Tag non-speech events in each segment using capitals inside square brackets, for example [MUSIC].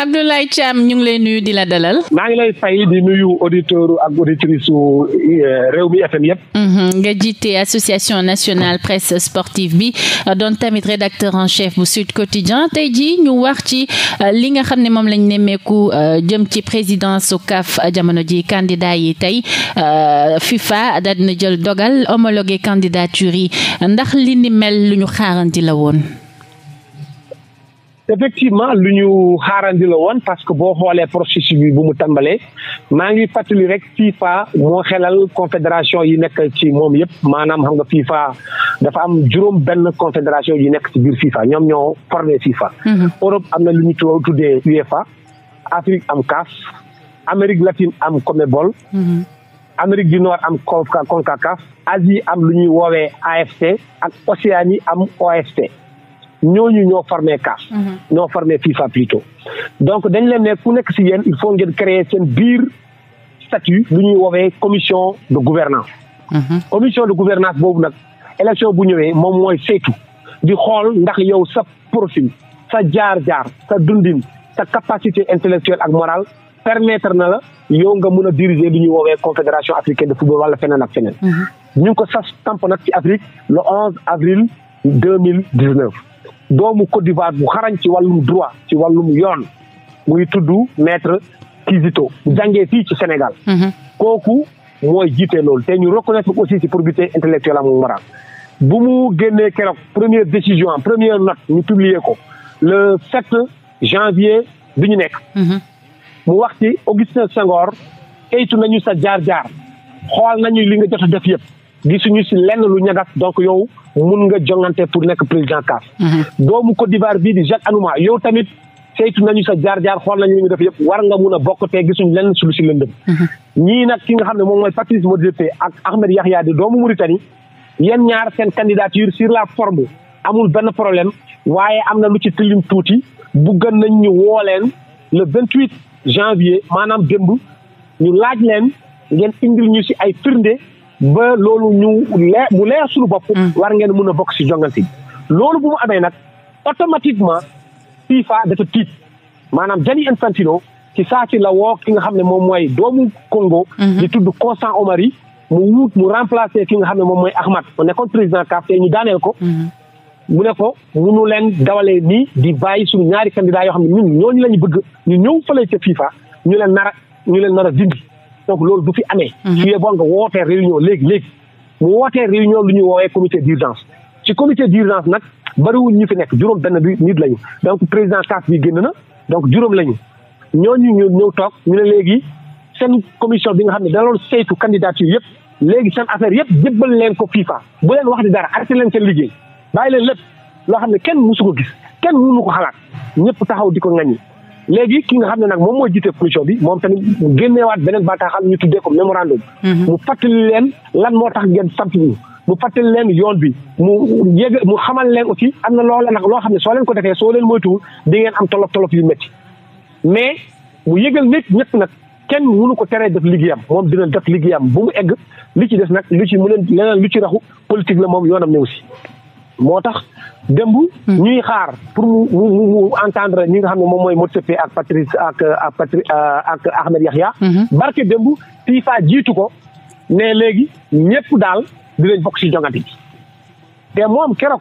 Abdoulaye Thiam ñu ngi lay nuyu di la dalal. maa ngi lay fay di nuyu auditeur ak auditrice su eh, Rewmi FM yëpp. Mm-hmm. nga jiite association nationale presse sportive bi euh, doon tamit rédacteur en chef bu Sud Quotidien tey jii ñu wax ci euh, li nga xam ne moom lañ nemmeeku euh, jëm ci présidence su CAF jamono ji candidat yi tey FIFA daal na jël dogal homologué candidature yi ndax li ni mel lu ñu xaaranti la woon. effectivement lu ñu xaarandi woon parce que boo xoolee processus bi bu mu tàmbalee maa ngi fàttali rek FIFA moo xelal confédération yi nekk ci moom yëpp maanaam xam nga FIFA dafa am juróom benn confédération yi nekk ci biir FIFA ñoom ñoo formé FIFA. Mhm. Europe am na lu ñu tuddee UEFA Afrique am CAF Amérique latine am CONMEBOL. Mhm. Amérique du Nord am CONCACAF Asie am lu ñuy woowee AFC ak Océanie am OFC. ñooñu ñoo formé CAF. Mhm. ñoo formé FIFA plutôt. donc dañ leen ne ku nekk si yéen il faut ngeen créer seen biir statut lu ñuy woowee commission de gouvernance mhm. commission de gouvernance boobu nag élection bu ñëwee moom mooy saytu di xool ndax yow sa profil sa jaar-jaar sa dundin sa capacité intellectuelle ak morale permettre na la yow nga mun a diriger lu ñuy woowee confédération africaine de football wala feneen ak feneen. Mhm. ñu ngi ko sas tamp nag ci doomu Côte d'Ivoire bu xarañ ci wàllum droit ci wàllum yoon muy tudd metre Kizito bu jàngee fii ci Sénégal. Mhm. kooku mooy jiite loolu te ñu reconnaître aussi ci probité intellectuelle am moral bu mu génnee keroog première décision première note ñu publier ko le 7 janvier bi ñu nekk. Mhm. mu wax ci Augustin Senghor saytu nañu sa jaar-jaar xool nañu li nga jot a def yëpp gisuñu ci lenn lu ñagas donc yow mun nga jongante pour nekk président CAF. Mhm. doomu Côte d'Ivoire bii di Jacques Anouma yow tamit saytu nañu sa jaar-jaar xool nañu li ñu def yëpp war nga mun a bokk te gisuñ lenn su lu si lëndëm. Mhm. ñii nag ki nga xam ne moom mooy Patrice Motsepe ak Ahmed Yahya di doomu Mauritanie yéen ñaar seen candidature sur la forme amul benn problème waaye am na lu ci tilim tuuti bu gën nañ ñu woo leen le vingt huit janvier maanaam démb ñu laaj leen ngeen indil ñu si ay firnde. ba loolu ñu leer mu leer suñu bopp. Mm. war ngeen mën a bokk si jongante loolu bu mu amee nag automatiquement FIFA dafa tiit maanaam Gianni Infantino ci saa si la woo ki nga xam ne moom mooy doomu Congo. Mm-hmm. di tudd Constant Omari mu wuut mu remplacer ki nga xam ne moom mooy Ahmad mu nekkoon président CAF te ñu daaneel ko. Mm-hmm. mu ne ko mu munu leen dawalee nii di bàyyi suñu ñaari candidat yoo xam ne ñun ñooñu la ñu bëgg ñu ñëw fële ca FIFA ñu leen nara a ñu leen nar a dindi. donc loolu du fi amee. su mhm. yeboon nga wootee réunion léegi léegi mu wootee réunion lu ñu woowee comité d'urgence ci comité d'urgence nag bariwuñ ñu fi nekk juróom benn bi nit lañu donc président CAF bi génn na donc juróom lañu ñoo ñu ñëw toog ñu ne léegi seen commission bi nga xam ne daloon seytu candidature yëpp léegi seen affaire yëpp jébbal leen ko FIFA bu leen wax di dara arrêté leen seen liggéey bàyyi leen lépp loo xam ne kenn mësu ko gis kenn mënu ko xalaat ñëpp taxaw di ko ŋaññi léegi ki nga xam ne nag moom mooy jiite commission bi moom tamit mu génneewaat beneen bataaxal ñu tuddee ko mémorandum. Mhm. mu fàttali leen lan moo tax ngeen sant ñu. mu fàttali leen yoon bi mu yég mu xamal leen aussi am na loo la nag loo xam ne soo leen ko defee soo leen moytuwul di ngeen am tolof tolof yu métti mais mu yëgal nit ñëpp nag kenn mënu ko teree def liggéeyam moom dina def liggéeyam bu mu egg li ci def nag lu ci mu leen leneen lu ci raxu politique la moom yoonam ne aussi moo tax démb. Hmm. ñuy xaar pour mu mu mu entendre ñi nga xam ne moom mooy Motsepe ak Patrice ak ak Patri euh, ak Ahmed Yahya. Hmm. barke démb FIFA jiitu ko ne léegi ñépp daal dinañ bokk ci jongante bi te moom keroog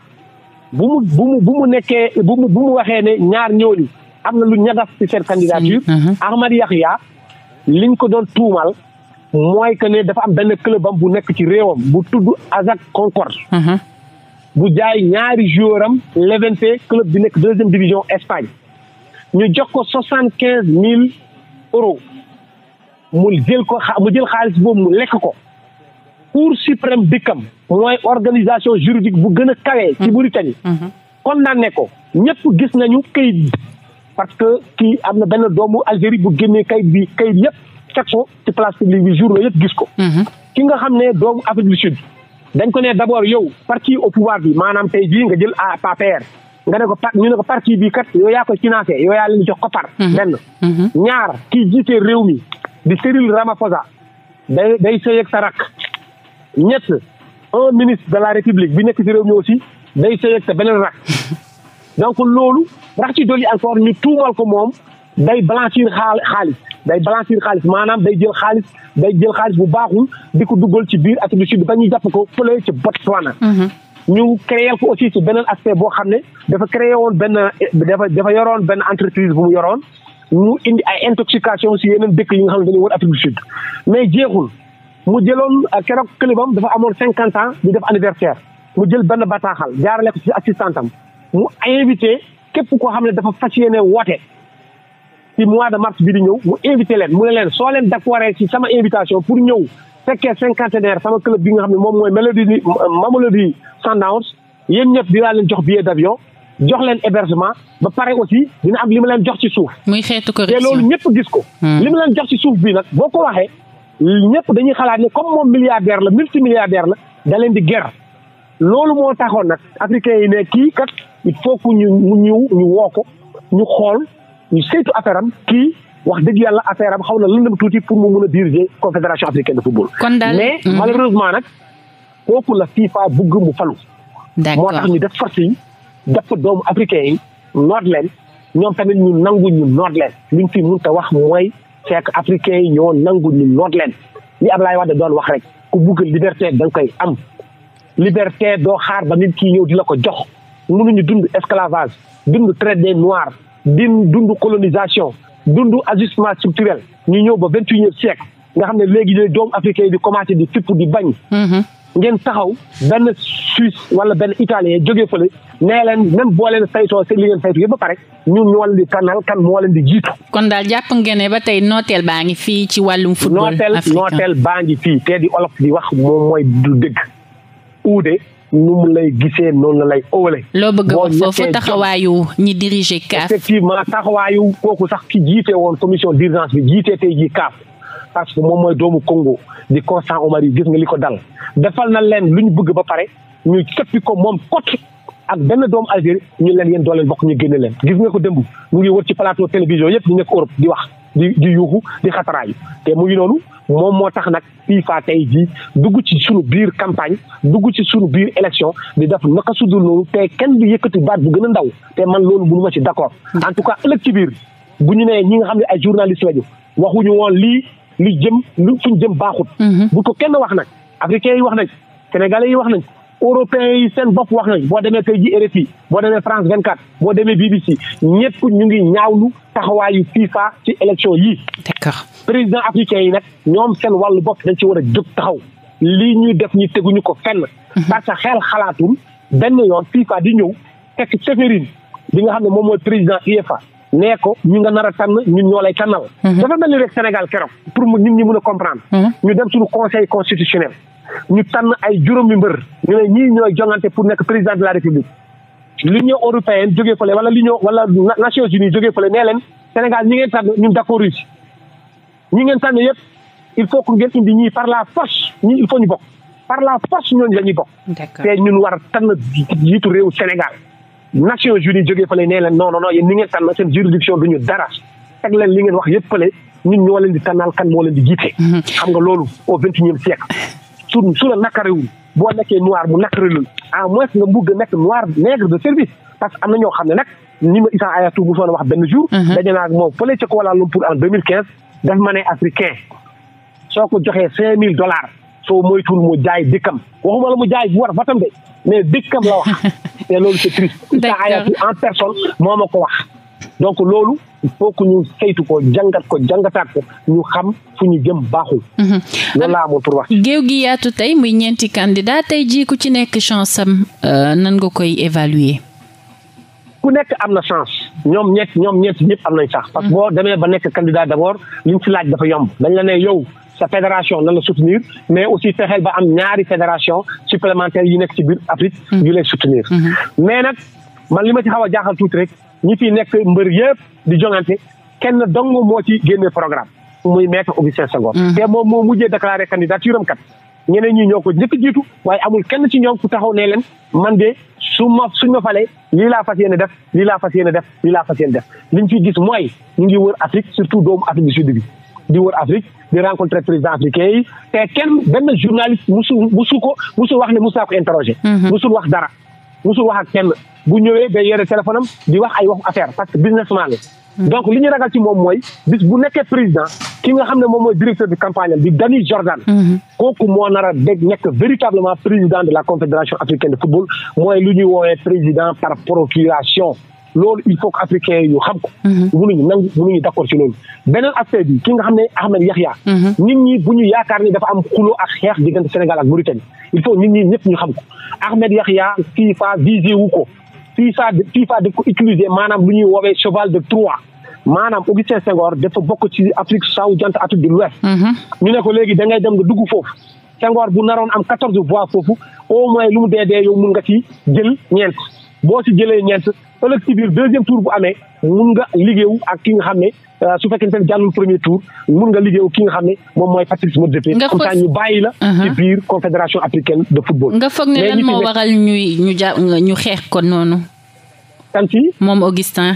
bu mu bu mu nekkee bu mu waxee ne ñaar ñooñu am na lu ñagas ci seen candidature. Hmm. Ahmed Yahya liñ ko doon tuumal. mooy que ne dafa am benn club am bu nekk ci réewam bu tudd Azak Concorde. bu jaay ñaari joueur am Levante club bi nekk deuxième division Espagne ñu jox ko soixante quinze mille euros mu jël ko mu jël xaalis boobu mu lekk ko cour suprême dëkkam mooy organisation juridique bu gën a kawee ci mm-hmm. Mauritanie mm-hmm. condamné ko ñëpp gis nañu kayit parce que kii am na benn doomu Algérie bu génnee kayit bi kayit yëpp teg ko ci place publique bi jour la yëpp gis ko mm-hmm. ki nga xam ne doomu Afrique du Sud dañ ko ne dabor abord yow parti au pouvoir bi maanaam tey jii nga jël à APR nga ne ko pa ñu ne ko parti bi kat yow yaa koy financé yow yaa leen jox koppar. Mhm. benn mhm. ñaar ki jiite réew mi di Cyril Ramaphosa day day sëy sa rak ñett un ministre de la république bi nekk ci réew mi aussi day sëy sa beneen rak [LAUGHS] donc loolu rax ci dolli encore ñu tuumal ko moom day blanchir xaalis. day blanchir xaalis maanaam day jël xaalis day jël xaalis bu baaxul di ko duggal ci biir at du Sud ba ñu jàpp ko fële ci Botswana mhm. ñu créer ko aussi ci beneen aspect boo xam ne dafa créé woon benn dafa dafa yoroon benn entreprise bu mu yoroon mu indi ay intoxication si yeneen dëkk yi nga xam ne dañuy war Afrique du Sud mais jeexul mu jëloon euh, keroog këlibam dafa amoon cinquante ans ñu def anniversaire mu jël benn bataaxal jaarale ko ci assistantam mu invité képp koo xam ne dafa fas yéene woote ci mois de mars bi di ñëw mu invité leen mu ne leen soo leen d'accord ci sama invitation pour ñëw fekkee cinquantenaire sama club bi nga xam ne moom mooy Mamelodi Mamelodi Sundowns yéen ñëpp dinaa leen jox bi billet d'avion jox leen hébergement ba pare aussi dina am li ma leen jox ci suuf. muy xeetu correction te loolu ñëpp gis ko. Hmm. li ma leen jox ci suuf bi nag boo ko waxee ñëpp dañuy xalaat ne comme moom milliardaire la multimilliardaire la da leen di ger loolu moo taxoon nag africains yi ne kii kat il faut que ñu ñu woo ko ñu xool. ñu saytu affaire am kii wax dëgg yàlla affaire am xaw na lëndëm tuuti pour mu mun a diriger confédération africaine de football. kon daal mais mhm. malheureusement nag kooku la FIFA bëgg mu falu. d'accord moo tax ñu def force yi def ko doomu africain yi noot leen ñoom tamit ñu nangu ñu noot leen liñ fi mun ta wax mooy fekk africain yi ñoo nangu ñu noot leen li Ablaye Wade doon wax rek ku bëgg liberté da nga koy am liberté doo xaar ba nit ki ñëw di la ko jox mënuñu dund esclavage dund traite des din dund colonisation dund ajustement structurel ñu ñëw ba vingt unième siècle nga xam ne léegi de doomu africain yi di commencé di fipp di bañ mhm. ngeen taxaw benn Suisse wala benn italien jógee fële nee leen même boo leen saytoo seen li ngeen saytu ba pare ñu ñoo leen di tànnal kan moo leen di jiitu. kon daal jàpp ngeen ne ba tey nooteel baa ngi fii ci wàllum football africain nooteel baa ngi fii te di olof di wax moom mooy du dëgg uude nu mu lay gisee noonu la lay ëwalee. loo bëgg a wax foofu taxawaayu ñi diriger CAF. effectivement taxawaayu kooku sax ki jiite woon commission d'urgence bi jiitee tey jii CAF. parce que moom mooy doomu Congo di Constant Omar yi gis nga li ko dal defal na leen lu ñu bëgg ba pare ñu sëppi ko moom kot ak benn doomu Algérie ñu leen yéen doo leen bokk ñu génne leen. gis nga ko démb mu ngi wër ci plateau télévision yëpp ñu nekk Europe di wax. di di yuuxu di xataraayu te mu ngi noonu moom moo tax nag FIFA tey jii dugg ci sunu biir campagne dugg ci sunu biir élection di def naka su dul noonu te kenn du yëkkati baat bu gën a ndaw te man loolu mënu ma ci d'accord hmm. en tout cas ëllëg ci biir bu ñu nee ñi nga xam ne ay journaliste lañu waxuñu woon lii lu jëm lu fuñ jëm baaxut hmm. bu ko kenn wax nag africain yi wax nañ sénégalais yi wax nañ européens yi seen bopp wax nañ boo demee tey ji RFI boo demee France 24 boo demee BBC ñëpp ñu ngi ñaawlu taxawaayu FIFA ci élection yii. d'accord président africain yi nag ñoom seen wàllu bopp dañ ci war a jóg taxaw lii ñuy def ñu teguñu ko fenn. Mhm. parce que xel xalaatul benn yoon FIFA di ñëw fekk Ceferin bi nga xam ne moom mooy président UEFA. nee ko ñu nga nar a tànn ñun ñoo lay tànnal. Mhm. dafa mel ni rek Sénégal keroog pour ñun ñu mën a comprendre. Mhm. ñu dem suñu conseil constitutionnel. ñu tànn ay juróomi mbër. ñu ne ñii ñooy jongante pour nekk président de la république. l'union européenne jógee fële wala l'union wala Nations Unies jógee fële nee leen Sénégal ñi ngeen tànn ñun d'accord ci ñi ngeen tànn yëpp il faut que ngeen indi ñii par la force ñii ñu faut ñu bokk par la force ñooñu la ñuy bokk. te ñun war a tànn jiitu réew Sénégal. Nations Unies jógee fële nee leen non non non dara teg leen li ngeen wax yëpp fële ñun ñoo leen di tànnal kan moo leen di jiite. Mhm. xam nga loolu au vingt et siècle. su su la boo nekkee noir mu nakkarewul à moins nga bugg a nekk noir nègre de am na ñoo xam ne nag ni ma Issa wax benn jour. Mhm. daje naa ak moom fële ca Kuala Lumpur en deux mille quinze. daf ma ne africain soo ko joxee cinq mille dollars soo moytuwul mu jaay dëkkam waxuma la mu jaay bu war a fatam de. mais dëkkam la wax [LAUGHS] te loolu c'est triste Issa Hayatou en personne moo ma ko wax donc loolu il faut ñu saytu ko jàngat ko jàngataat ko ñu xam fu ñu jëm baaxul mhm. loolu laa amoon pour wax géew gi yaatu tey muy ñeenti candidat tey jii ku ci nekk chance am euh, nan nga koy évaluer ku nekk am na chance ñoom ñett ñoom ñett ñëpp am nañ sax parce que mhm. boo demee ba nekk candidat d'abord liñ ci laaj dafa yomb dañ la ne yow sa fédération na la soutenir mais aussi fexeel ba am ñaari fédération supplémentaire yi nekk ci biir Afrique mm-hmm. yu lay soutenir mm-hmm. mais nag man li ma ci xaw a jaaxal tuuti rek ñi fi nekk mbër yëpp di jongante kenn dong moo ci génne programme muy maître Augustin Senghor mm-hmm. te moom moo mujjee déclaré candidature am kat ñeneen ñi ñoo ko njëkk jiitu waaye amul kenn ci ñoom ku taxaw nee leen man de su ma suñ ma falee lii laa fas yéene def lii laa fas yéene def lii laa fas yéene def liñ fi gis mooy ñu ngi wër Afrique surtout doomu Afrique du Sud bi di wër Afrique di rencontrer président africain yi te kenn benn journaliste musul musu ko musul wax ne musu ko interroger mhm. musul wax dara musul wax ak kenn bu ñëwee day yore téléphone am di wax ay waxu affaire parce que businessman la mhm. donc li ñu ragal ci moom mooy bis bu nekkee président ki nga xam ne moom mooy directeur de campagne am di Dani Jordan mhm. kooku moo nar a dégg nekk véritablement président de la confédération africaine de football mooy lu ñuy woowee président par procuration loolu il faut que africain yu xam ko. mënuñu mhm. nangu mënuñu d' accord ci loolu. beneen aspect bi ki nga xam ne Ahmed Yaxya. Mhm. nit ñi bu ñu yaakaar ni dafa am xuloo ak xeex diggante Sénégal ak Mauritanie il faut nit ñëpp ñu xam ko Ahmed Yaxya FIFA visé ko FIFA FIFA ko utilisé maanaam lu ñuy woowee cheval de Troie. maanaam Augustin Senghor dafa bokk ci Afrique sowu-jant de l'Ouest mhm. ñu ne léegi da ngay dem nga dugg foofu Senghor bu naroon am quatorze voix foofu au moins lu mu dee dee yow mun nga ci jël ëllëg si biir deuxième tour bu amee mun nga liggéeyu ak ki nga xam ne euh, su fekkee ne jàllul premier tour mun nga liggéeyu ki nga xam ne moom mooy Patrice Motsepe. nga foog comme ça ñu bàyyi la. Uh-huh. ci biir confédération africaine de football. nga foog ne ñu ja ñu xeex ko noonu. kan si moom Augustin.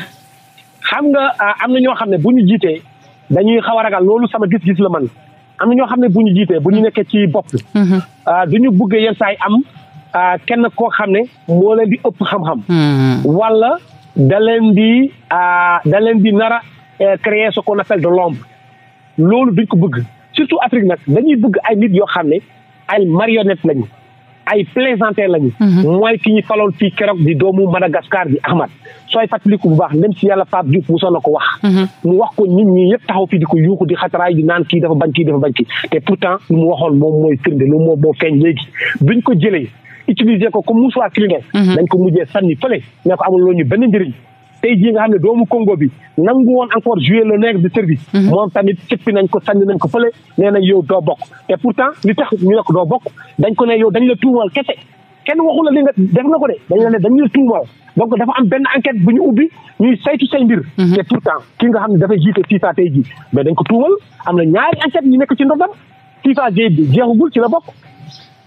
xam nga euh, am na ñoo xam ne bu ñu jiitee dañuy xaw a ragal loolu sama gis-gis la man am na ñoo xam ne bu ñu jiitee bu ñu nekkee ci bopp. Uh-huh. Euh, du ñu bëgg yenn saa am. kenn koo xam ne moo leen di ëpp xam-xam. Hmm. wala da leen di da leen di nar a euh, créer ce qu'on appelle de l'ombre loolu duñ ko bëgg surtout Afrique nag dañuy bëgg ay nit yoo xam ne ay marionnette lañu ay plaisantin lañu. Hmm. mooy ki ñu faloon fii keroog di doomu Madagascar di Ahmad sooy fàttaliku bu baax ndem si yàlla Pape Diouf mu soon na ko wax. Hmm. mu wax ko nit ñi yëpp taxaw fii di ko yuuxu di xataraay di naan kii dafa bañ kii dafa bañ kii te pourtant mu waxoon moom mooy firnde lu moom moo feeñ léegi buñ ko jëlee. utiliser ko comme mouchoir criminel dañ mhm. ko mujjee sànni fële ne ko amul loo ñu benn njëriñ tey jii nga xam ne doomu Congo bi nangu woon encore jouer le nègre de service mhm. moom tamit cëppi nañ ko sànni nañ ko fële nee nañ yow doo bokk te pourtant li tax ñu ne doo bokk dañ ko ne yow dañ la tuumal kese kenn waxu la li nga def nga ko de dañ la ne dañ la tuumal donc dafa am benn enquête bu ñu ubbi ñuy say tu say mbir mhm. te pourtant ki nga xam ne dafay jiite FIFA tey jii mais dañ ko tuumal am na ñaari enquête ñu nekk ci ndodam FIFA jeexagul ci la bokk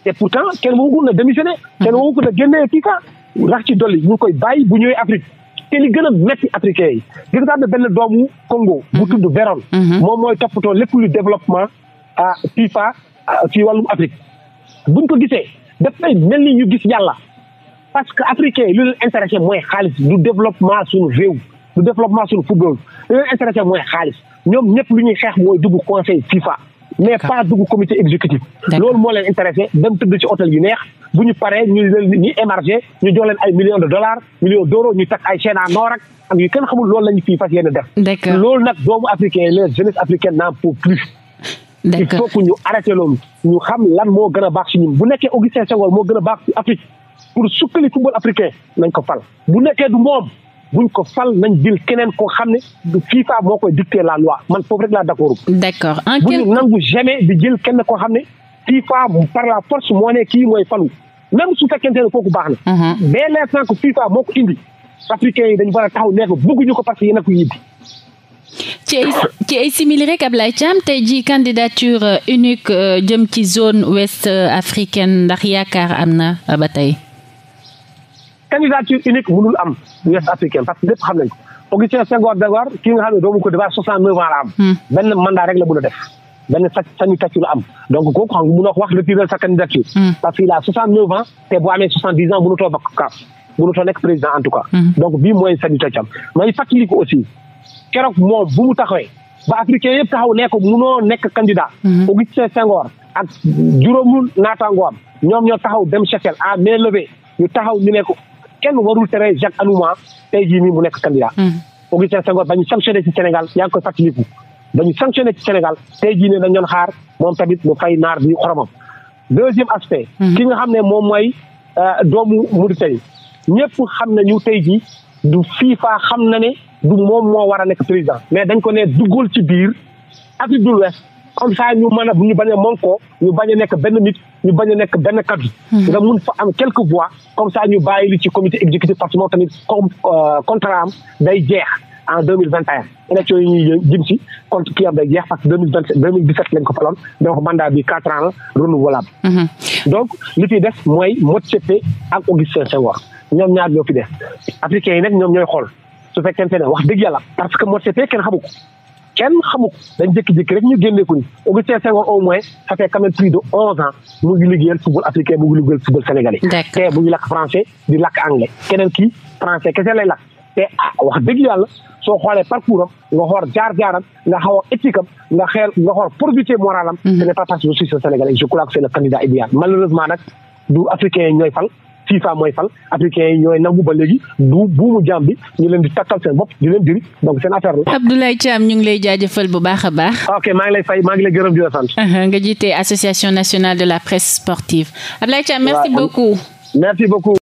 te pourtant kenn woowu na démissionné. kenn mhm. woowu na génnee kii ka rax ci dolli ñu koy bàyyi bu ñëwee Afrique te li gën a métti africain yi gis nga ne benn doomu Congo. bu mhm. tudd Véron. Mhm. moom mooy toppatoo lépp lu développement à FIFA ci wàllum Afrique buñ ko gisee dafay mel ni ñu gis yàlla parce que africain yi lu leen intéressé mooy xaalis du développement suñu réew. du développement suñu football lu leen intéressé mooy xaalis ñoom ñëpp lu ñuy xeex mooy dugg conseil FIFA. mais pas dugg comité exécutif. loolu moo leen intéressé dem tëdd ci hôtel yu neex bu ñu paree ñu leen ñu émargé ñu jox leen ay million de dollars millions d'euros ñu takk ay chaîne a noor ak ak yu kenn xamul loolu la ñu fii fas yéene def. loolu nag doomu africain les jeunesse africaine n'en peut plus. il faut que ñu arrêté loolu ñu xam lan moo gën a baax si ñun bu nekkee Augustin Senghor moo gën a baax si Afrique pour sukkali football africain nañ ko fal bu nekkee du moom. buñ ko fal nañ jël keneen koo xam ne FIFA moo koy dicté la loi man foofu rek laa d'accord. d'accord en quel buñ nangu jamais di jël kenn koo xam ne FIFA par la force moo ne kii mooy falu même su fekkente ne ku baax na. Mhm. mais l'instant que FIFA moo ko indi africains yi dañu war a taxaw nekk ñu ko parce que yéen a ko yibbi. ci ay ci ay simili rek Ablaye Thiam tey jii candidature unique euh, jëm ci zone ouest euh, africaine ndax yaakaar am na euh, ba tey. candidature unique mënul am Ouest africaine parce que lépp xam nañ ko Augustin Senghor Senghor nga xam ne doomu Côte d'Ivoire 69 ans la am. Hmm. benn mandat rek la mën a def. benn sa candidature am donc kooku xam nga mën wax retirer sa candidature. Hmm. parce que il a 69 ans te boo amee 70 ans mënutoo bokk kaaf mënutoo nekk président en tout cas. Hmm. donc bii mooy candidature am may fàttali ko aussi keroog moom bu mu ba africain yëpp taxaw ne ko nekk candidat. ñoo taxaw dem Chessel à ñu ne ko. kenn warul tere Jacques Anouma tey jii nii mu nekk candidat. Hmm. Augustin Senghor ba ñu sanctionné ci Sénégal yaa ngi koy fàttaliku. ba ñu sanctionné ci Sénégal tey jii nii dañu doon xaar moom tamit mu fay naar bi xoromam. deuxième aspect. Hmm. ki nga xam ne moom mooy euh, doomu Mauritanie. ñëpp xam ne ñu tey jii du FIFA xam na ne du moom moo war a nekk président mais dañ ko ne duggul ci biir Afrique du l'Ouest comme ça ñu mën a ñu bañ a manko ñu bañ a nekk benn nit ñu bañ a nekk benn kaddu. Hmm. nga mun fa am quelques voix comme ça ñu bàyyi ci comité exécutif parce que moom tamit comme euh, contrat am day jeex en deux mille vingt et un élections yi ñuy si kii am day jeex parce deux mille vingt deux mille ko faloon donc mandat bi quatre ans la renouvelable. Hmm. donc li fi des mooy Motsepe ak Augustin Senghor ñoom ñaar ñoo fi de africains yi nag ñoom ñooy xool su fekkente ne wax dëgg yàlla parce que Motsepe kenn xamu ko. kenn xamuk dañ jékki-jékki rek ñu génne ko ni Augustin Senghor au moins ça fait quand même plus de onze ans mu ngi liggéeyal football africain mu ngi liggéeyal football sénégalais. te mu ngi lakk français di lakk anglais keneen kii français kese lay lakk te ah wax dëgg yàlla soo xoolee parcours am nga xoor jaar-jaaram nga xaw a nga xeel nga xool probité moralam. Mhm. ce n'est pas parce que je suis sénégalais je crois que candidat idéal malheureusement du africain FIFA mooy fal africains yi ñooy nangu ba léegi bu buumu jaam bi ñu leen di takkal seen bopp di leen diri donc seen affaire la. Abdoulaye Thiam ñu ngi lay jaajëfal bu baax a baax. ok maa ngi lay fay maa ngi lay gërëm di la nga jiite association nationale de la presse sportive Abdoulaye Thiam merci beaucoup.